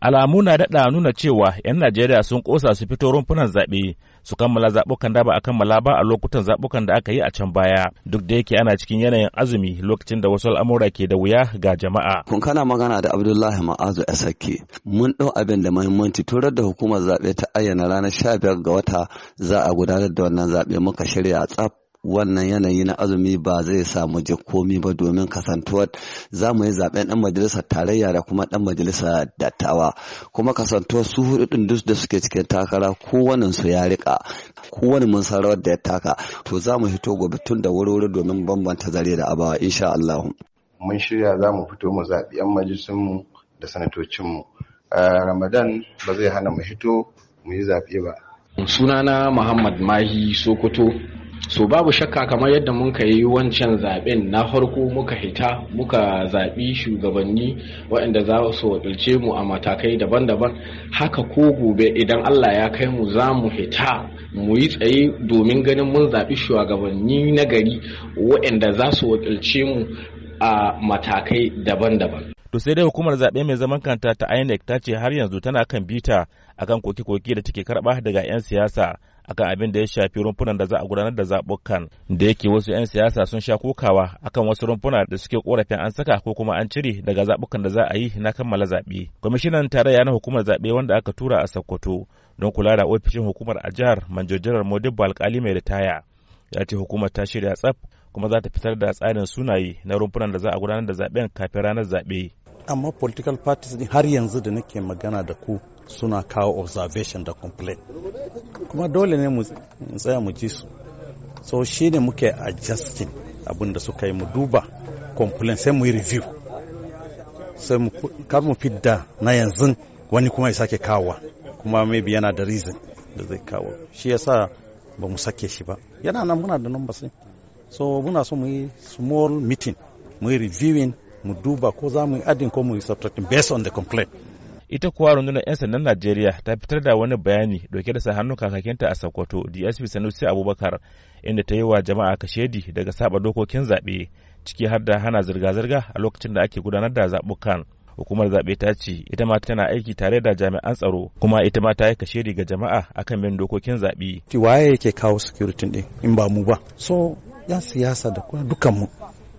alamu na daɗa nuna cewa 'yan najeriya sun ƙosa su fito rumfunan zaɓe su kammala zaɓukan da ba a kammala ba a lokutan zaɓukan da aka yi a can baya duk da yake ana cikin yanayin azumi lokacin da wasu al'amura ke da wuya ga jama'a. kun kana magana da abdullahi ma'azu a sake mun ɗau abin da mahimmanci turar da hukumar zaɓe ta ayyana ranar sha ga wata za a gudanar da wannan zaɓe muka shirya a tsaf wannan yanayi na azumi ba zai samu je komi ba domin kasantuwar za mu yi zaben dan majalisar tarayya da kuma ɗan majalisar dattawa kuma kasantuwar su hudu din duk da suke cikin takara kowannen su ya rika kowanne mun san da ya taka to za mu hito gobe tun da wuri-wuri domin bambanta zare da abawa insha Allah mun shirya za mu fito mu zaɓi yan mu da sanatocinmu ramadan ba zai hana mu hito mu yi zaɓe ba sunana muhammad mahi sokoto so babu shakka kamar yadda muka yi wancan zaben na farko muka hita muka zaɓi shugabanni waɗanda za su wakilce mu a matakai daban-daban haka ko gobe idan allah ya kai mu za mu hita mu yi tsaye domin ganin mun zaɓi shugabanni na gari waɗanda za su wakilce mu a matakai daban-daban to sai dai hukumar zaɓe mai zaman kanta ta inec ta ce har yanzu tana kan bita akan koke-koke da take karɓa daga 'yan siyasa akan abin da ya shafi rumfunan da za a gudanar da zaɓukan da yake wasu 'yan siyasa sun sha kokawa akan wasu rumfuna da suke korafin an saka ko kuma an cire daga zaɓukan da za a yi na kammala zaɓe. Kwamishinan tarayya na hukumar zaɓe wanda aka tura a Sokoto don kula da ofishin hukumar a jihar Manjojirar Modibbo alkali mai ritaya ya ce hukumar ta shirya tsaf kuma za ta fitar da tsarin sunaye na rumfunan da za a gudanar da zaɓen kafin ranar zaɓe. Amma political parties har yanzu da nake magana da ku suna kawo observation da complaint kuma dole ne mu tsaya mu ji su so shi ne muke adjusting abin da suka yi mu duba complaint sai mu yi review sai mu kar mu fidda na yanzu wani kuma ya sake kawo kuma maybe yana da reason da zai kawo shi yasa ba mu sake shi ba yana nan muna da number sai so muna so mu yi small meeting mu yi reviewing mu duba ko za mu yi adding ko mu yi subtracting based on the complaint ita kuwa rundunar 'yan sandan najeriya ta fitar da wani bayani dauke da sa hannun kakakinta a sokoto dsp sanusi abubakar inda ta yi wa jama'a kashedi daga saba dokokin zaɓe ciki har da hana zirga-zirga a lokacin da ake gudanar da zaɓukan hukumar zaɓe ta ce ita ma tana aiki tare da jami'an tsaro kuma ita ma ta yi kashedi ga jama'a akan bin dokokin zaɓe. waye yake kawo security din in ba mu ba so yan siyasa da kuma dukanmu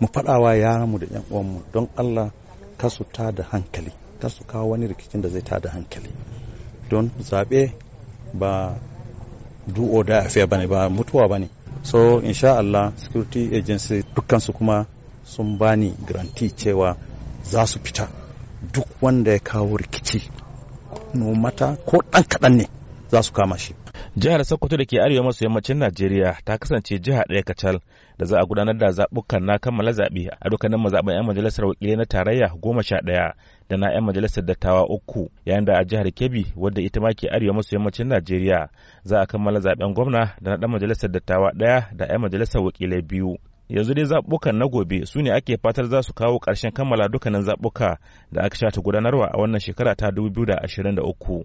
mu faɗawa yaranmu da yan uwanmu don allah kasu ta da hankali kar su kawo wani rikicin da zai tada hankali don zaɓe ba du'o da afiya bane ba mutuwa bane so sha Allah security agency dukkansu kuma sun bani garanti cewa za su fita duk wanda ya kawo rikici no mata ko ɗan kaɗan ne za su kama shi jihar sokoto da ke arewa maso yammacin najeriya ta kasance jiha ɗaya kacal da za a gudanar da zaɓukan na kammala zaɓe a dukkanin mazaɓan 'yan majalisar wakilai na tarayya goma sha ɗaya da na 'yan majalisar dattawa uku yayin da a jihar kebbi wadda ita ma ke arewa maso yammacin najeriya za a kammala zaɓen gwamna da na ɗan majalisar dattawa ɗaya da 'yan majalisar wakilai biyu yanzu dai zaɓukan na gobe su ne ake fatar za su kawo ƙarshen kammala dukkanin zaɓuka da aka shata gudanarwa a wannan shekara ta 2023